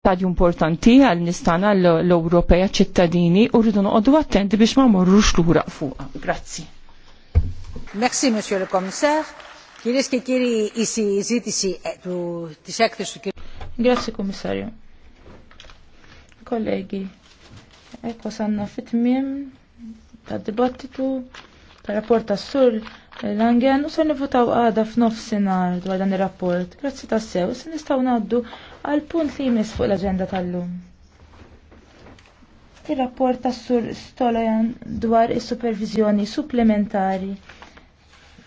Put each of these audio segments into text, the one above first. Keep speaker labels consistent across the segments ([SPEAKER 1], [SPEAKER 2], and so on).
[SPEAKER 1] stadju importanti għal nistana l-Ewropeja ċittadini u rridu noqogħdu attenti biex ma morrux lura fuqha. Grazzi.
[SPEAKER 2] Merci, Monsieur le Commissaire. Κυρίες ki kiri isi συζήτηση του, της έκθεσης του Grazie, Commissario. Kollegi, ekko sanna fitmim ta' dibattitu ta' rapport sur l-angen u sanna nivutaw għada f'nofsinhar dwar dan ir-rapport. Grazzi tassew, se nistgħu ngħaddu għal punt li jmiss fuq l-agenda tal-lum. Il-rapport tas sur Stolojan dwar is-supervizjoni supplementari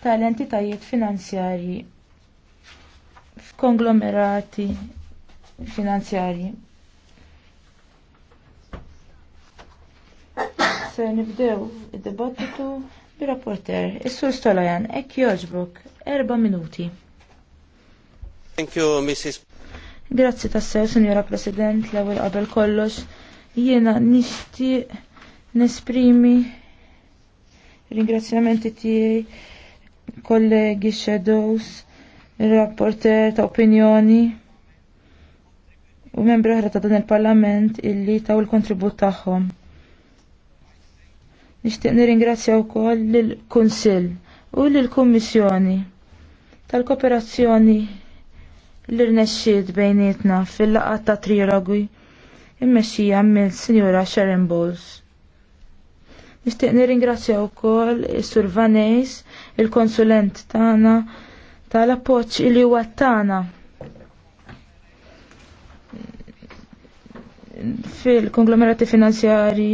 [SPEAKER 2] tal-entitajiet finanzjarji f'konglomerati finanzjarji. Se nibdew id-dibattitu bir-rapporter, is-sur Stolojan, ek joġbok, erba minuti. Thank you, Mrs. Grazzi tassew, Sinjora President, l-ewwel qabel kollox. Jiena nixtieq nesprimi ringrazzjamenti tiegħi kollegi shadows, rapporter ta' opinjoni u membri oħra ta' dan il-Parlament illi taw il-kontribut tagħhom. Nixtieq nirringrazzja wkoll lill-Kunsill u lill-Kummissjoni tal-kooperazzjoni l-irnexxiet bejnietna fil-laqat ta' trilogu immexxija mill sinjura Sharon Bowles. Nixtieq nirringrazzja wkoll is-Sur Vanejs, il-konsulent tagħna tal-appoġġ li huwa tagħna fil-konglomerati finanzjarji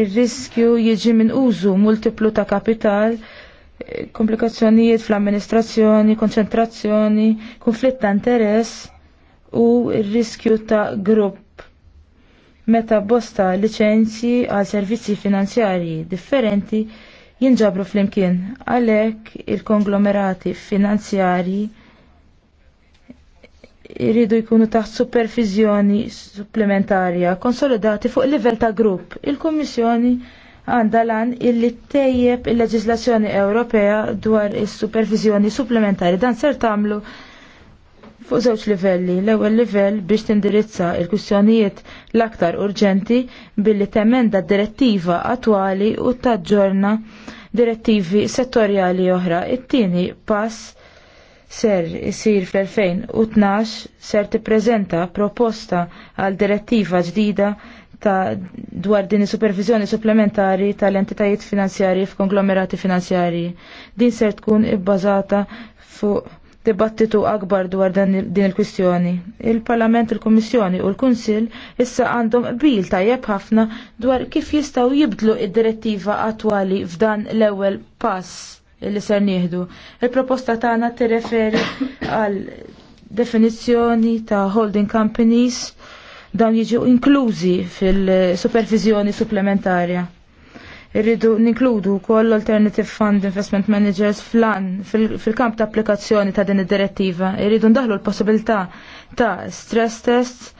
[SPEAKER 2] ir-riskju jiġi minn użu multiplu ta' kapital komplikazzjonijiet fl-amministrazzjoni, konċentrazzjoni, konflitt ta' interess u riskju ta' grupp. Meta bosta licenzji għal servizzi finanzjarji differenti jinġabru fl-imkien għalhekk il-konglomerati finanzjarji irridu jkunu taħt supervizjoni supplementarja konsolidati fuq livell ta' grupp. Il-Kummissjoni il kummissjoni Għanda lan illi tejjeb il-leġislazzjoni Ewropea dwar is-supervizjoni supplementari. Dan ser tagħmlu fuq żewġ livelli. L-ewwel livell biex tindirizza l-kwistjonijiet l-aktar urġenti billi temenda direttiva attwali u taġġorna direttivi settorjali oħra. It-tieni pass ser isir fl-2012 ser tippreżenta proposta għal direttiva ġdida ta' dwar din supervizjoni supplementari tal-entitajiet finanzjarji f'konglomerati finanzjarji. Din ser tkun ibbażata fuq dibattitu akbar dwar din il-kwistjoni. Il-Parlament, il-Kommissjoni u l-Kunsil issa għandhom bil tajjeb ħafna dwar kif jistaw jibdlu id-direttiva attwali f'dan l-ewwel pass li ser nieħdu. Il-proposta tagħna tirreferi għal definizzjoni ta' holding companies dawn jiġu inklużi fil-supervizjoni supplementarja. Irridu ninkludu wkoll Alternative Fund Investment Managers flan fil-kamp ta' applikazzjoni ta' din id-direttiva. Irridu ndaħlu l-possibilità ta' stress tests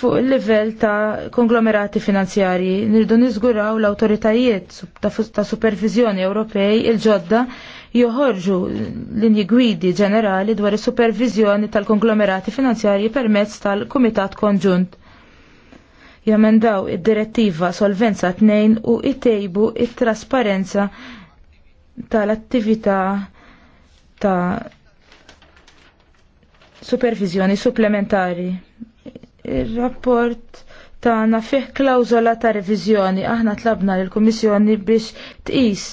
[SPEAKER 2] fuq il-livell ta' konglomerati finanzjarji Irridu niżguraw l-autoritajiet ta' supervizjoni Ewropej il-ġodda joħorġu linji gwidi ġenerali dwar is-supervizjoni tal-konglomerati finanzjarji permezz tal-Kumitat Konġunt jamendaw id-direttiva Solvenza 2 u itejbu it-trasparenza tal-attività ta' supervizjoni supplementari. Il-rapport tagħna fih klawżola ta' reviżjoni aħna tlabna lill-Kummissjoni biex tqis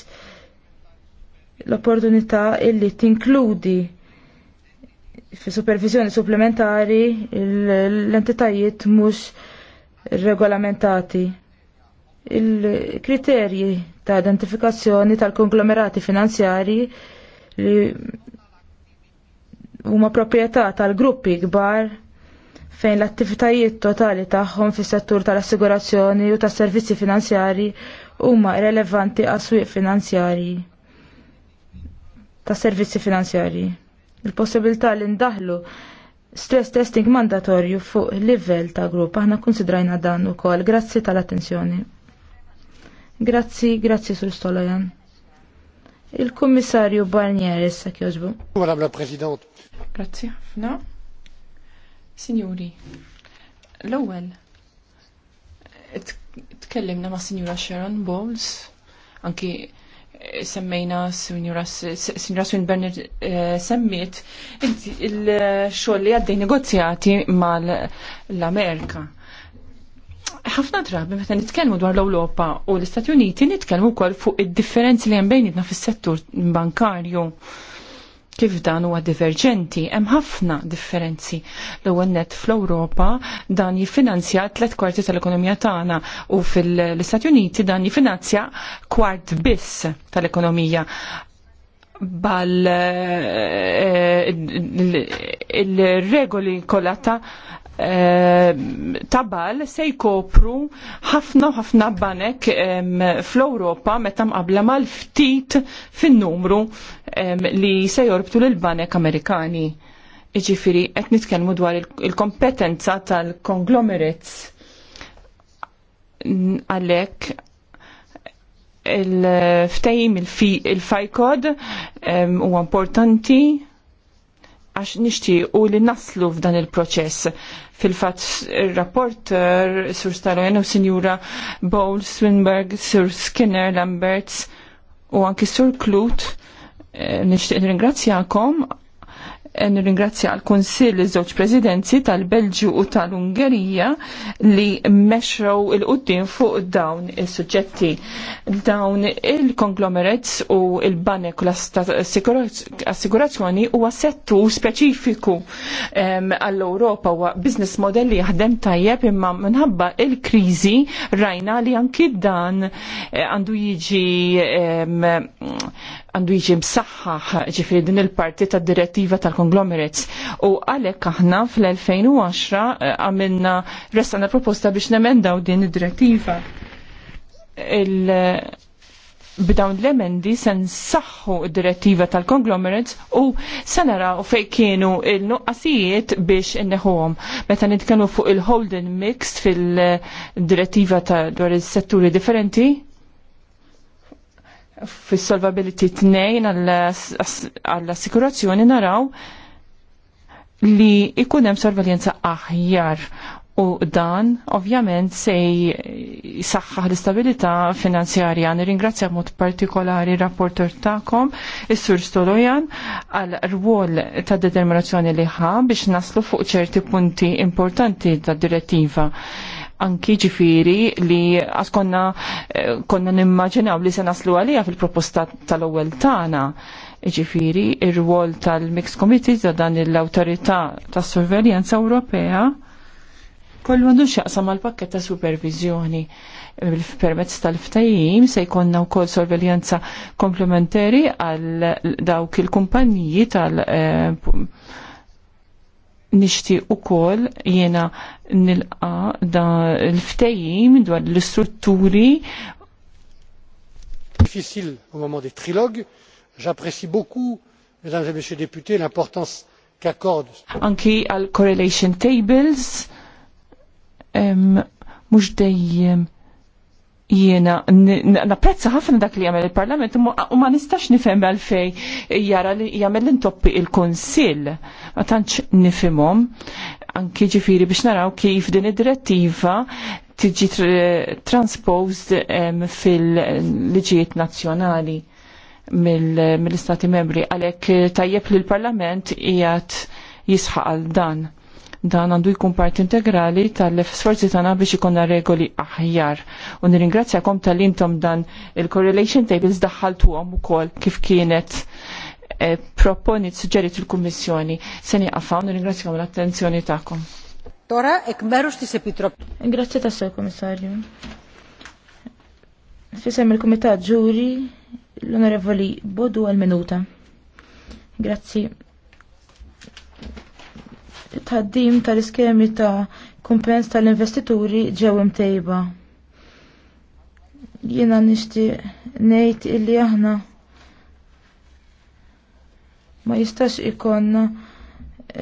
[SPEAKER 2] l-opportunità illi tinkludi fi supervizjoni supplementari l-entitajiet mhux regolamentati il-kriterji ta' identifikazzjoni tal-konglomerati finanzjarji li huma proprjetà tal-gruppi kbar fejn l-attivitajiet totali tagħhom fis-settur tal-assigurazzjoni u tas-servizzi finanzjarji huma relevanti għas-swieq finanzjarji tas-servizzi finanzjarji. Il-possibilità li ndaħlu stress testing mandatorju fuq livell ta' grupp. Aħna konsidrajna dan ukoll. Grazzi tal-attenzjoni. Grazzi, grazzi sul Stolojan. Il-Kummissarju Barnier issa kjożbu.
[SPEAKER 1] Madame la President.
[SPEAKER 2] Grazzi, ħafna. Signori,
[SPEAKER 1] l-ewwel tkellimna ma' Signora Sharon Bowles, anki semmejna Sinjura Swinburne eh, semmiet il-xogħol li għaddej negozjati mal-Amerika. Ħafna drabi meta nitkellmu dwar l-Ewropa u l-Istati Uniti nitkellmu wkoll fuq id-differenzi li hemm bejnietna fis-settur bankarju kif dan huwa diverġenti, hemm ħafna differenzi. L-ewwel net fl-Ewropa dan jiffinanzja tliet kwarti tal-ekonomija tagħna u fil-Istati Uniti dan jiffinanzja kwart biss tal-ekonomija bal eh, il-regoli kollha ta' Eh, tabal se jkopru ħafna ħafna banek fl-Ewropa meta mqabla mal-ftit fin-numru li se jorbtu lil banek Amerikani. Iġifiri, qed nitkellmu dwar il-kompetenza tal-conglomerates għalek il-ftejim il-fajkod il u um, importanti għax u li naslu f'dan il-proċess. Fil-fat il-rapporter Sur Stalojen u Sinjura Bowl, Swinberg, Sur Skinner, Lamberts u anki Sur Klut eh, nixtieq ringrazzjakom E nirringrazzja għal kunsill iż-żewġ presidenzi tal-Belġju u tal-Ungerija li mexrew il-qudiem fuq dawn il suġġetti Dawn il-konglomerates u il-banek u l-assigurazzjoni huwa settu speċifiku għall-Ewropa huwa business model li jaħdem tajjeb imma minħabba il-kriżi rajna li anki dan eh, għandu jiġi għandu jiġi msaħħaħ ġifri din il-parti ta' direttiva tal-conglomerates. U għalek aħna fl-2010 eh, għamilna restana proposta biex nemendaw din id-direttiva. Il eh, b'dawn l-emendi se nsaħħu direttiva tal-conglomerates u se naraw fej kienu il-nuqqasijiet biex inneħuhom. Meta nitkellmu fuq il-holding mixed fil-direttiva eh, ta' dwar is-setturi differenti, fis-solvability t-nejn għall-assikurazzjoni naraw li ikun hemm aħjar u dan ovvjament se saħħaħ l-istabilità finanzjarja. Nirringrazzja mod partikolari rapporter ta'kom, is-Sur Stolojan, għal rwol ta' determinazzjoni li ħa biex naslu fuq ċerti punti importanti ta' direttiva anki ġifiri li għaskonna eh, konna nimmaġinaw li se naslu għalija fil-proposta tal-ewwel tagħna. Ġifiri, ir-rwol tal-Mix Committee ta' dan l-Awtorità ta' Sorveljanza Ewropea kollu għandu xaqsam għal pakket ta' supervizjoni permezz tal-ftajim se jkonna wkoll sorveljanza komplementari għal dawk il-kumpaniji tal- eh, nishti u kol jena nilqa da l-ftejim dwar l-istrutturi. Difficile au moment des trilogues. J'apprécie beaucoup, mesdames et messieurs les députés, l'importance qu'accorde. Anki al correlation tables, mux dejjem jiena napprezza ħafna dak li jagħmel il-Parlament u ma nistax nifhem għalfej jara li jagħmel intoppi il-Kunsill. Ma tantx nifhimhom anki ġifiri biex naraw kif din id-direttiva tiġi transposed fil-liġijiet nazzjonali mill-Istati membri għalhekk tajjeb li l-Parlament qiegħed jisħaq għal dan Dan għandu jkun part integrali tal-sforzi tagħna biex ikonna regoli aħjar. U nirringrazzjakom tal-intom dan il-correlation tables daħħaltuhom ukoll kif kienet eh, proponit suġġerit il-Kummissjoni. Se nieqafaw nirringrazzjakom l-attenzjoni tagħkom.
[SPEAKER 2] Tora ekmerux tis epitrop. Grazzi tassew, Komissarju. Fisem il-Kumitat Ġuri l-Onorevoli Bodu għal-Minuta. Grazzi tħaddim tal-iskemi ta' kumpens tal-investituri ġew imtejba. Jiena nixtieq ngħid illi aħna ma jistax ikon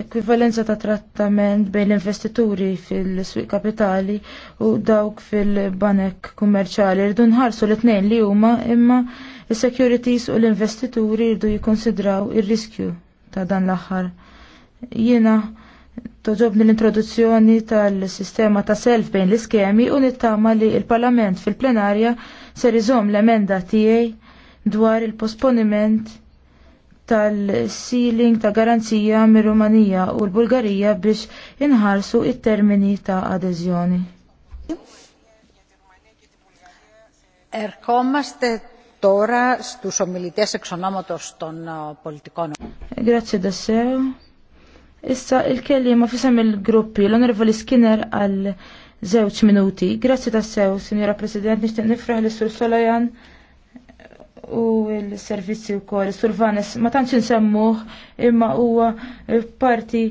[SPEAKER 2] ekvivalenza ta' trattament bejn l-investituri fil-swiq kapitali u dawk fil-banek kummerċali rridu nħarsu l itnejn li huma imma il securities u l-investituri rridu jikkonsidraw ir-riskju ta' dan l-aħħar. Jiena Toġobni l-introduzzjoni tal-sistema ta' self bejn l-iskemi u nittama li il-Parlament fil-plenarja ser iżom l-emenda tiegħi dwar il-posponiment tal-sealing ta' garanzija mir rumanija u l-Bulgarija biex inħarsu it-termini ta' adeżjoni. Erkomaste tora stus omilites exonomatos ton politikon. Grazie da sew. Issa il-kellima fisem il-gruppi l-Onorevoli Skinner għal żewġ minuti. Grazzi ta' sew, Sinjora President, nixtieq nifraħ l sur Solajan u l-servizzi u kol. Sur Vanes, ma tantx nsemmuh imma huwa parti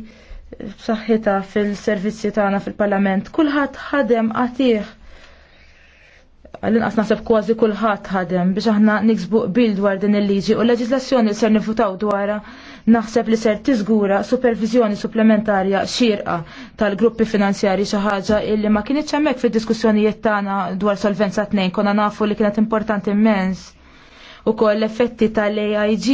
[SPEAKER 2] b'saħħitha fil-servizzi tagħna fil-Parlament. Kulħadd ħadem għatih għall-inqas naħseb kważi kulħadd ħadem biex aħna niksbu qbil dwar din il-liġi u l-leġislazzjoni li ser nifutaw dwarha Naħseb li ser tiżgura supervizjoni supplementarja xirqa tal-gruppi finanzjari xi ħaġa illi ma kienitx hemmhekk fid-diskussjonijiet tagħna dwar solvenza tnejn konna nafu li kienet importanti immens ukoll l-effetti tal-AIG.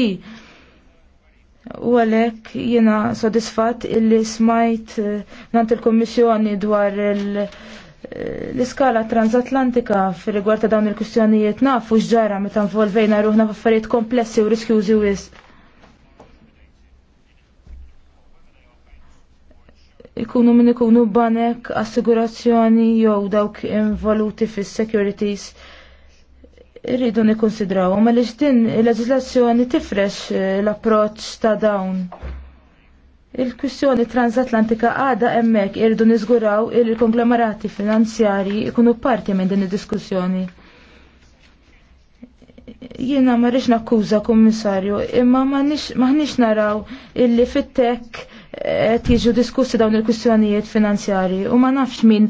[SPEAKER 2] U għalek jena sodisfat illi smajt eh, nant il-Kommissjoni dwar eh, l-iskala transatlantika fil rigward ta' dawn il-kustjonijiet nafu xġara meta involvejna ruħna f'affarijiet komplessi u riskjużi wisq. ikunu min ikunu banek, assigurazzjoni jew dawk involuti fis-securities irridu nikkonsidraw ma li din il-leġislazzjoni tifrex eh, l-approċ ta' dawn. Il-kwissjoni transatlantika għada emmek irridu nizguraw il-konglomerati finanzjari ikunu parti minn din id-diskussjoni. Jiena ma rix nakkuża kummissarju, imma ma nix naraw illi fit-tek tiġu jiġu diskussi dawn il-kwistjonijiet finanzjarji u ma nafx min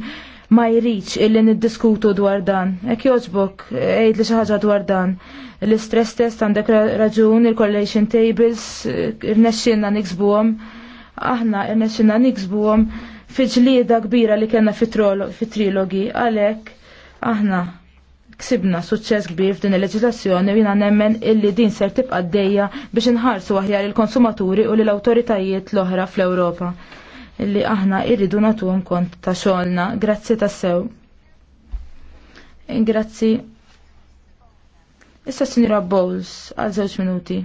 [SPEAKER 2] ma jriċ illi niddiskutu dwar dan. Ek joġbok, ejd li xaħġa dwar dan. L-stress test għandek raġun, il-collation tables, irnexxinna niksbuhom. Aħna irnexxinna niksbuhom fi ġlieda kbira li kena fit-trilogi. Għalek, aħna ksibna suċċess kbir f'din il-leġislazzjoni u jina nemmen illi din ser tibqa' għaddejja biex inħarsu aħjar il-konsumaturi u lill-awtoritajiet l-oħra fl-Ewropa illi aħna irridu nagħtuhom kont ta' xogħolna. Grazzi sew. Grazzi. Issa Sinjora Bowles għal żewġ minuti.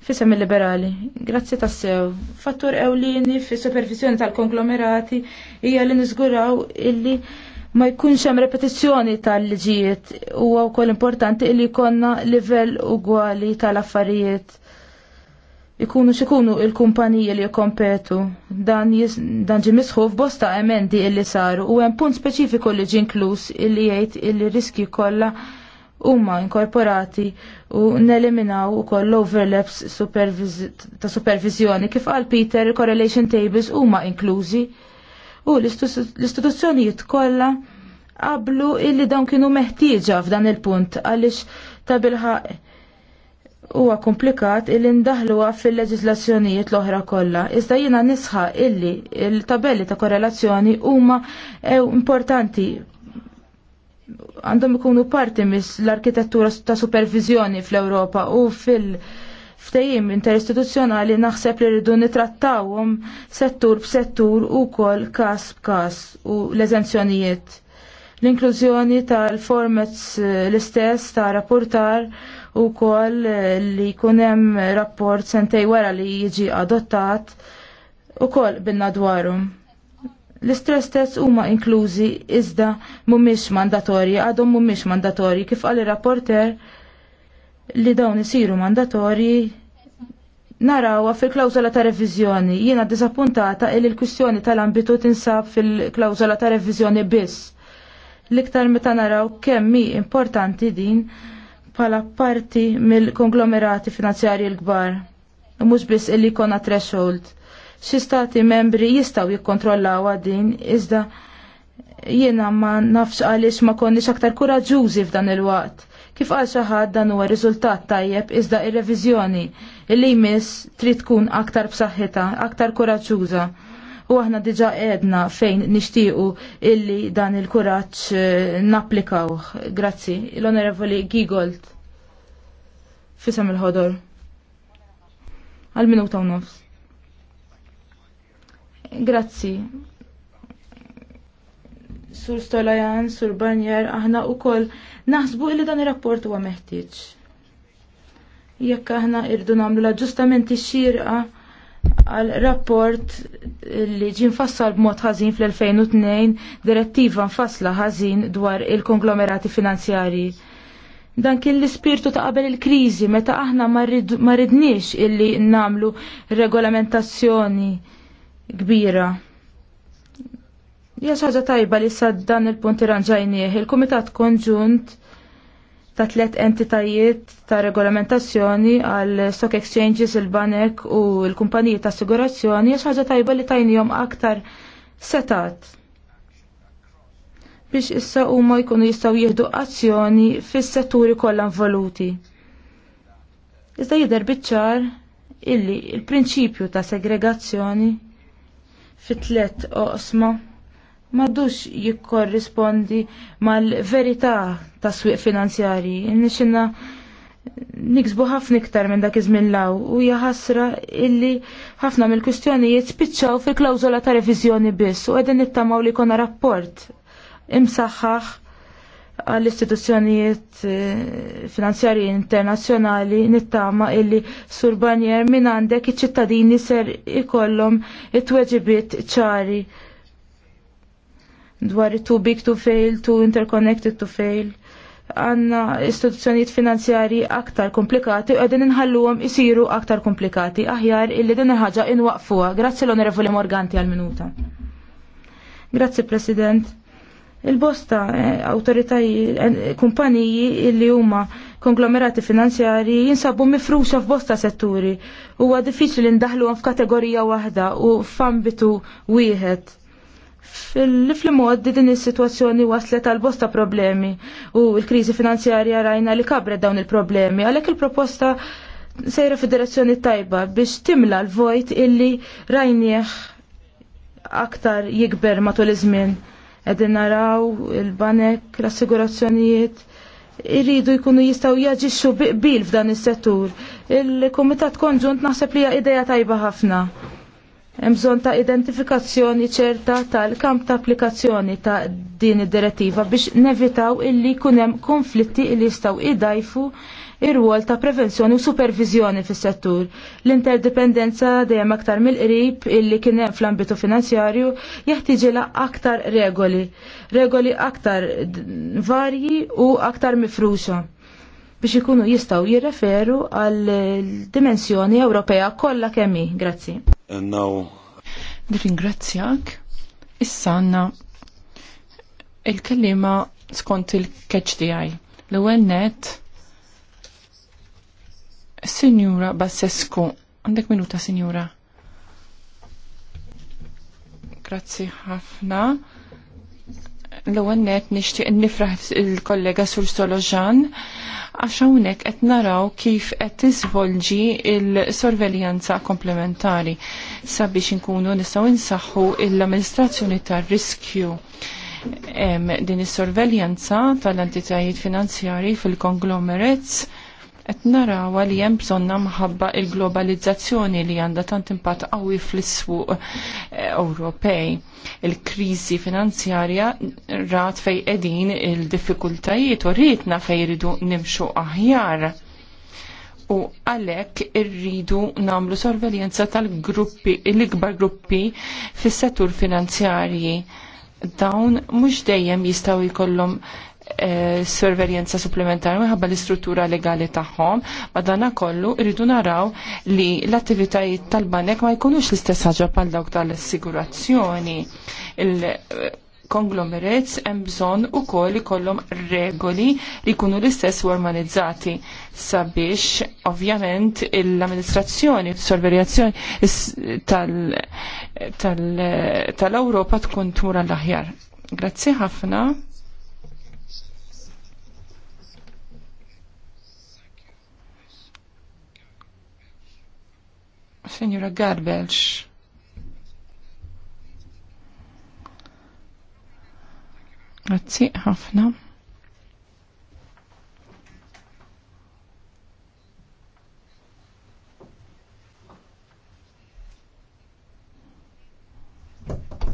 [SPEAKER 2] Fisem il-liberali, grazzi tassew. Fattur ewlieni fis supervisjoni tal-konglomerati hija li niżguraw illi ma jkunx hemm repetizzjoni tal-liġijiet huwa wkoll importanti li jkollna livell ugwali tal-affarijiet ikunu xikunu il-kumpaniji li jkompetu dan, jis, dan ġimisħu f'bosta emendi illi saru u hemm punt speċifiku li ġinklus illi jgħid illi riski kollha huma inkorporati u neliminaw ukoll l-overlaps ta' supervizjoni kif qal Peter correlation tables huma inklużi u l-istituzzjonijiet kollha qablu illi dawn kienu meħtieġa f'dan il-punt għaliex ta' bilħaq huwa komplikat illi ndaħluha fil-leġislazzjonijiet l-oħra kollha. Iżda jiena nisħa illi il-tabelli ta' korrelazzjoni huma importanti għandhom ikunu parti mis l-arkitettura ta' supervizjoni fl-Ewropa u fil- ftejim interistituzzjonali naħseb li rridu nitrattawhom settur b'settur u kol kas b'kas u l-eżenzjonijiet. L-inklużjoni tal-formats eh, l-istess ta' rapportar u kol eh, li kunem rapport sentej wara li jiġi adottat u kol binna dwarum. L-istress test huma inklużi iżda mhumiex mandatorji, għadhom mhumiex mandatorji kif għal rapporter li dawn isiru mandatorji narawha fil klawzola ta' reviżjoni. Jiena disappuntata li l-kwistjoni tal-ambitu tinsab fil klawzola ta' reviżjoni biss. L-iktar meta naraw kemm hi importanti din bħala parti mill-konglomerati finanzjarji l-kbar. Mhux biss illi jkollna threshold. Xi stati membri jistgħu jikkontrollawha din iżda jiena ma nafx għaliex ma konniex aktar kuraġużi f'dan il-waqt Kif għal xi ħadd dan huwa riżultat tajjeb iżda ir-reviżjoni li jmiss trid tkun aktar b'saħħitha, aktar kuraġġuża. U aħna diġa edna fejn nixtiequ illi dan il-kuraġġ eh, napplikaw. Grazzi, l-Onorevoli Gigold. Fisem il-ħodor. Għal minuta u nofs. Grazzi. Sur Stolajan, Sur Barnier, aħna u koll naħsbu illi dan il-rapport huwa meħtieġ. Jekk aħna irdu nagħmlu l-aġġustamenti xirqa għal rapport li ġie mfassal b'mod ħażin fl-2002 direttiva nfassla ħażin dwar il-konglomerati finanzjarji. Dan kien l-ispirtu ta' qabel il-kriżi meta aħna ma rridniex illi namlu regolamentazzjoni kbira Ja ħaġa tajba li sa dan il punti irranġajnieh. Il-Kumitat Konġunt ta' tliet entitajiet ta' regolamentazzjoni għal stock exchanges, il-banek u l-kumpaniji ta' assigurazzjoni hija ħaġa tajba li tajnihom aktar setat biex issa huma jkunu jistgħu jieħdu azzjoni fis-setturi kollha involuti. Iżda jidher biċ-ċar illi il-prinċipju ta' segregazzjoni fit-tlet oqsma madux jikkorrispondi mal-verità ta' swieq finanzjari. Nixinna niksbu ħafna iktar minn dak iżmin law u hija ħasra illi ħafna mill-kwistjonijiet spiċċaw fil-klawżola ta' reviżjoni biss u qegħdin nittamaw li jkollna rapport imsaħħaħ għall-istituzzjonijiet eh, finanzjarji internazzjonali nittama illi surbanjer minn għandek iċ-ċittadini ser ikollhom it-tweġibiet ċari dwar it-too big to fail, too interconnected to fail. Għanna istituzzjonijiet finanzjari aktar komplikati u għedin nħalluhom isiru aktar komplikati. Aħjar illi din il-ħaġa inwaqfuha. Grazzi l-Onorevoli Morganti għal-minuta. Grazzi President il-bosta eh, autoritajiet, eh, kumpaniji illi huma konglomerati finanzjari jinsabu mifruxa f'bosta setturi. Huwa diffiċli ndaħluhom f'kategorija waħda u f'ambitu wieħed fil flimod din is-sitwazzjoni waslet għal bosta problemi u l-kriżi finanzjarja rajna li kabret dawn il-problemi għalhekk il-proposta sejra fid-direzzjoni tajba biex timla l-vojt illi rajnieħ aktar jikber matul iż-żmien. Qegħdin naraw il-banek, l-assigurazzjonijiet irridu jkunu jistaw jaġixxu biqbil f'dan is-settur. Il-Kumitat Konġunt naħseb li hija idea tajba ħafna. Hemm bżonn ta' identifikazzjoni ċerta tal-kamp ta' applikazzjoni ta' din id-direttiva biex nevitaw illi jkun hemm konflitti li jistgħu idajfu ir-rwol ta' prevenzjoni u supervizjoni fis-settur. L-interdipendenza dejjem aktar mill-qrib illi kien hemm fl-ambitu finanzjarju jeħtieġilha aktar regoli, regoli aktar varji u aktar mifruxa biex ikunu jistgħu jirreferu għal dimensjoni Ewropea kollha kemmi. Grazzi. And now... Ringrazzjak. Issa għanna
[SPEAKER 1] il-kellima skont il-catch di L-ewel net, Signora Bassescu, għandek minuta, Signora. Grazzi ħafna. L-ewwel nishtiq nifraħ il-kollega Sur Soloġan għax hawnhekk qed naraw kif qed tisvolġi l-sorveljanza komplementari sabiex inkunu nistgħu insaħħu l-amministrazzjoni tar-riskju din is-sorveljanza tal-entitajiet finanzjari fil-konglomerates qed naraw li hemm bżonna mħabba il-globalizzazzjoni li għandha tant impatt qawwi fl-isfuq eh, Ewropej. Il-kriżi finanzjarja rat fej qegħdin il-diffikultajiet u rritna fej jridu nimxu aħjar. U għalhekk irridu nagħmlu sorveljenza tal-gruppi, l-ikbar gruppi fis-settur finanzjarji dawn mhux dejjem jistgħu jkollhom E, sorveljenza supplementari minħabba l-istruttura legali tagħhom, madana kollu irridu naraw li l-attivitajiet tal-banek ma jkunux l-istess ħaġa bħal dawk tal-assigurazzjoni. Eh, konglomerates hemm bżonn ukoll ikollhom regoli li jkunu l-istess formalizzati sabiex ovvjament l-amministrazzjoni sorveljazzjoni eh, tal-Ewropa tkun tmur l aħjar Grazzi ħafna. Signora Garbelx. Grazie, Hafna.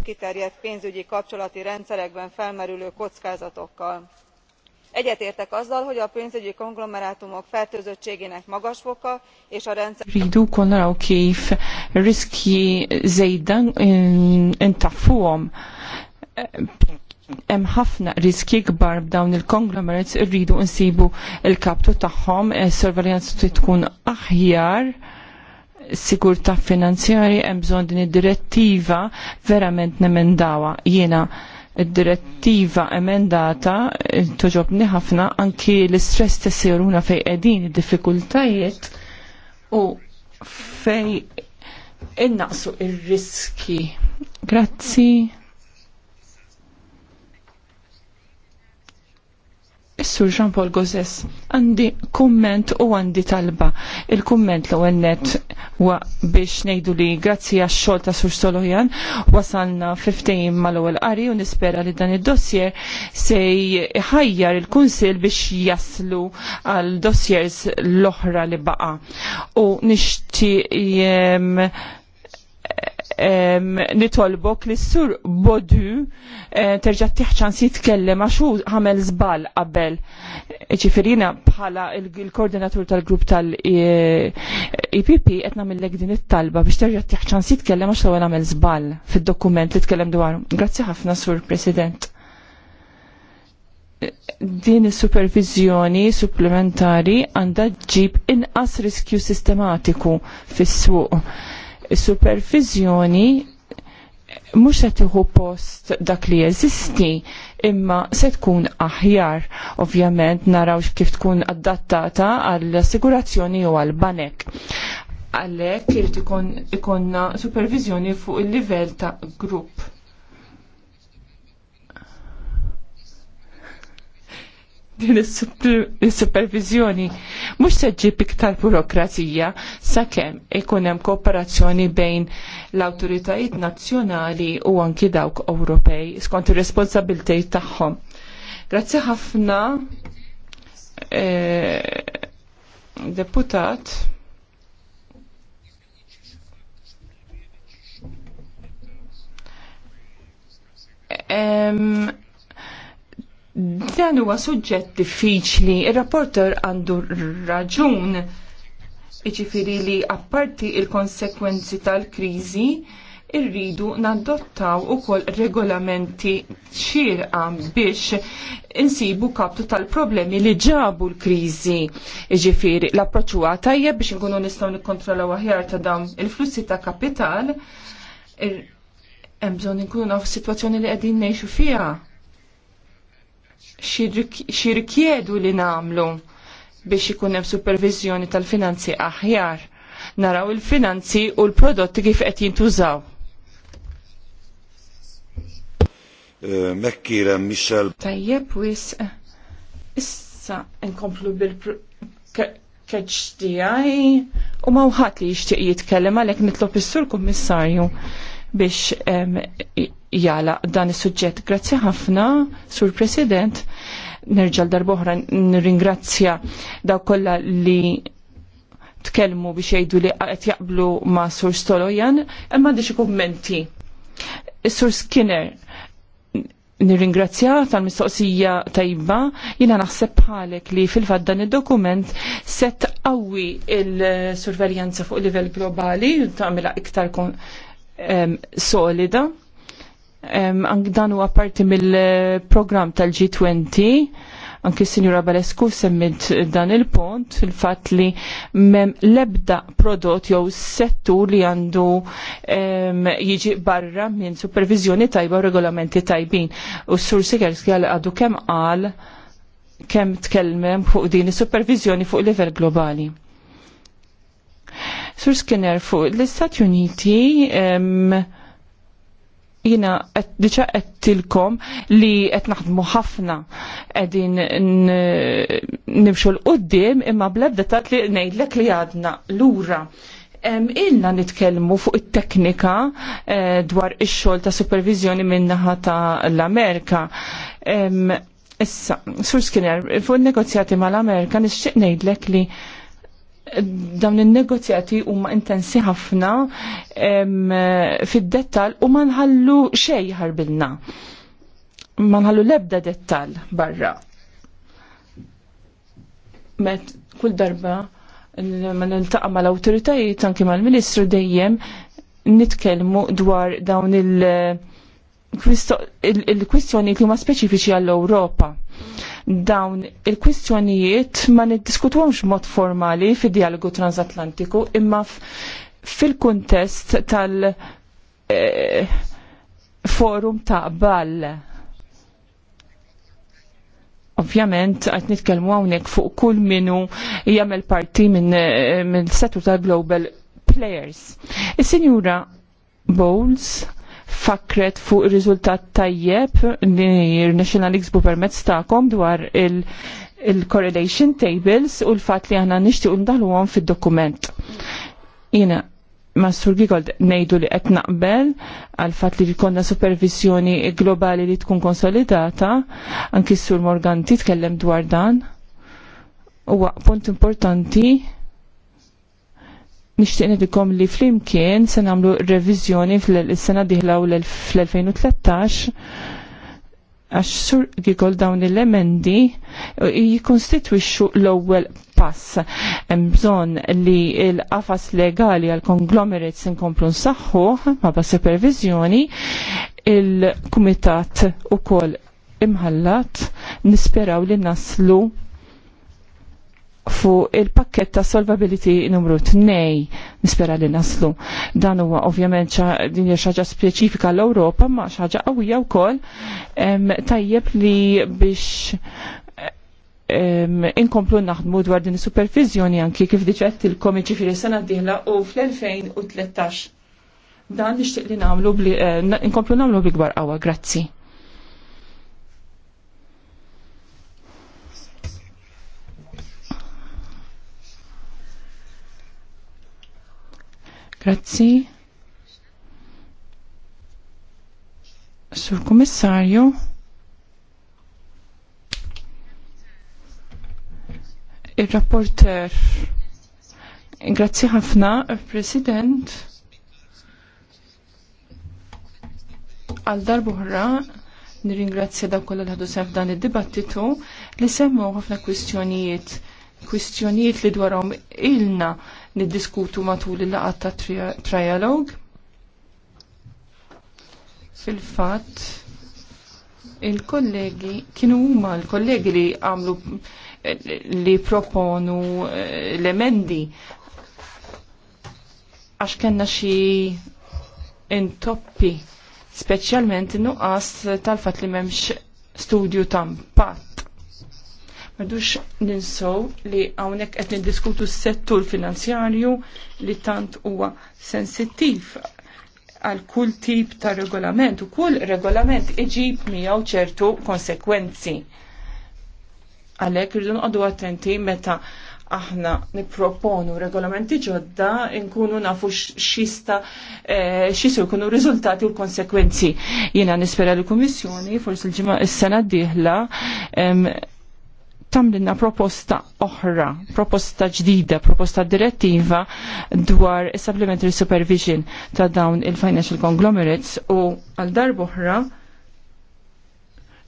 [SPEAKER 2] kiterjedt pénzügyi kapcsolati rendszerekben felmerülő kockázatokkal egyetértek azzal hogy a pénzügyi konglomerátumok fertőzöttségének magas foka és a rendszer.
[SPEAKER 1] rridu wkoll naraw kif riski żejda intaffuhom hemm ħafna riski kbar b'dawn il-conglomerates irridu nsibu il-kaptu tagħhom, is-sorveljanza e trid tkun aħjar sigurtà finanzjarji hemm bżonn din id-direttiva verament nemendawa. Jiena id-direttiva emendata eh, toġobni ħafna anki l-istress tessiruna fej edin id-diffikultajiet u fej innaqsu il riski Grazzi. Is-Sur Jean Paul Gozes, għandi kumment u għandi talba. Il-kumment l għennet wa biex nejdu li grazzi għax xol ta' Sur Solojan wasalna 15 mal ewwel qari u nispera li dan id-dossier se jħajjar il-Kunsil biex jaslu għal dossiers l-oħra li baqa. U jem, nitolbok li sur bodu eh, terġa' tiħċan si jitkellem għax hu għamel żball qabel. Ġifirina bħala il-koordinatur tal-grupp tal-IPP eh, e qed nagħmilek din it-talba biex terġa' tiħċan si jitkellem għax l-ewwel għamel żball fid-dokument li tkellem dwaru. Grazzi ħafna sur President din is-supervizjoni supplementari għandha ġib inqas riskju sistematiku fis-suq supervizjoni mux se tiħu post dak li jeżisti imma se tkun aħjar ovvjament naraw kif tkun adattata għall-assigurazzjoni u għall-banek għallek irrid ikonna supervizjoni fuq il-livell ta' grupp din is-supervizjoni mhux se ġib iktar burokrazija sakemm ikun hemm kooperazzjoni bejn l-awtoritajiet nazzjonali u anki dawk Ewropej skont ir-responsabiltajiet tagħhom. Grazzi ħafna eh, deputat Dan huwa suġġett diffiċli, ir-rapporter għandu raġun iġifiri li apparti il-konsekwenzi tal-krizi, irridu nadottaw ukoll regolamenti xirqa biex insibu kaptu tal-problemi li ġabu l-krizi. Iġifiri, l-approċu tajjeb biex nkunu nistaw nikkontrollaw aħjar ta' dawn il-flussi ta' kapital, hemm bżonn nkunu naf situazzjoni li qegħdin ngħixu fiha xirkjedu li namlu biex ikun hemm supervizjoni tal-finanzi aħjar. Naraw il-finanzi u l-prodotti kif qed jintużaw.
[SPEAKER 2] Eh, Mekkira Michel.
[SPEAKER 1] Tajjeb wis issa nkomplu bil keċ u ma wħadd li jixtieq jitkellem għalhekk nitlob is-sur kummissarju biex jala dan is-suġġett. Grazie ħafna, Sur President, nerġal darboħra nirringrazzja daw kollha li tkellmu biex jgħidu li qed jaqblu ma' Sur Stolojan, imma għandi kummenti. Sur Skinner, nirringrazzja tal-mistoqsija tajba, jina naħseb bħalek li fil-fat dan il-dokument set qawwi il-surveljanza fuq livell globali, tagħmilha iktar solida. Ank dan huwa parti mill-programm tal-G20 anki Sinjura Balescu semmit dan il-punt fil-fat li mem lebda prodott jew settur li għandu jiġi barra minn supervizjoni tajba u regolamenti tajbin. U s-sur Sikerski għal għadu kem għal kem tkellmem fuq din is supervizjoni fuq livell globali. Sur Skinner, fuq l-Istati Uniti jina diċa għettilkom li qed naħdmu ħafna qegħdin nimxu l-qoddim imma blebda tat li ngħidlek li għadna lura. Ilna nitkellmu fuq it-teknika eh, dwar ix-xogħol ta' supervizjoni min-naħa ta' l-Amerika. Issa, sur Skinner, fuq il-negozjati mal-Amerika nixtieq ngħidlek li dawn il-negozjati huma intensi ħafna fid-dettal u ma nħallu xej ħarbilna. Ma nħallu lebda dettal barra. Met kull darba ma niltaqa' mal-awtoritajiet anke mal-Ministru dejjem nitkellmu dwar dawn il- il-kwistjoni il klima speċifiċi għall-Ewropa dawn il-kwistjonijiet ma niddiskutwomx mod formali fid-dialogu transatlantiku imma fil-kuntest tal- eh, forum ta' ball. Ovvjament, għat nitkelmu għawnek fuq kull minu jagħmel parti minn eh, min setu ta' global players. Is-Sinjura Bowles fakret fuq ir-riżultat tajjeb li r-National Xbu permezz tagħkom dwar il- il-correlation tables u l-fat li għana nishti ndalu għom fil-dokument. Jina, Mastur Gigold nejdu li qed naqbel għal fatt li jkollna supervisjoni globali li tkun konsolidata, anki Sur Morganti tkellem dwar dan. Huwa punt importanti nixtieq nidikom li flimkien se nagħmlu reviżjoni fl-sena diħlaw fl-2013 għax sur għikol dawn il-emendi jikonstitwixxu l-ewwel pass. Hemm bżonn li l-qafas legali għal conglomerates inkomplu nsaħħu ma' ba' supervizjoni il-kumitat ukoll imħallat nisperaw li naslu Fu il-pakket ta' solvability numru 2 nispera li naslu. Dan huwa ovvjament din hija xaġa speċifika l-Ewropa ma xaġa qawwija wkoll tajjeb li biex inkomplu naħdmu dwar din supervizjoni anki kif diċet il-komi ġifiri sena diħla u fl-2013. Dan nixtieq li nagħmlu eh, inkomplu nagħmlu bi gbar qawwa, grazzi. Grazzi. Sur Kommissarju. il rapporteur Grazzi ħafna, President. Għal darbuħra nirringrazzja da kollha ħadu sem f'dan id-dibattitu li semmu ħafna kwistjonijiet, kwistjonijiet li dwarhom ilna niddiskutu matul il-laqat ta' trialog. Fil-fat, il-kollegi, kienu huma l-kollegi li għamlu li proponu eh, l-emendi għax kena xie intoppi, specialment nuqqas tal-fat li memx studju tam pat Madux ninsow li għawnek qed niddiskutu s-settur finanzjarju li tant huwa sensittiv għal kull tip ta' regolament u kull regolament iġib miegħu ċertu konsekwenzi. Għalhekk irridu nqogħdu attenti meta aħna nipproponu regolamenti ġodda nkunu nafu xista eh, xisu jkunu riżultati u konsekwenzi. Jiena nispera l-Kummissjoni forsi l-ġimgħa s sena d-dieħla tamlinna proposta oħra, proposta ġdida, proposta direttiva dwar supplementary supervision ta' dawn il-financial conglomerates u għal darb oħra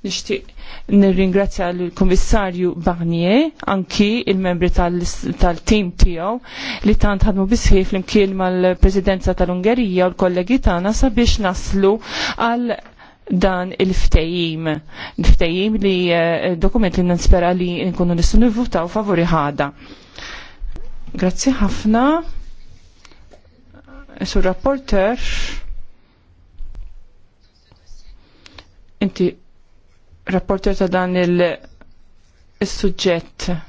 [SPEAKER 1] nishtiq nirringrazzja l-Komissarju Barnier, anki il-membri tal-team tijaw, li tant ħadmu bisħif l imkien mal-Presidenza tal-Ungerija u l-kollegi tagħna sabiex naslu għal dan il-ftejim. Il-ftejim li eh, dokument li nanspera li nkunu nistu u favori ħada. Grazzi ħafna. Sur rapporter. Inti rapporter ta' dan il-sujġett. il, il suġġett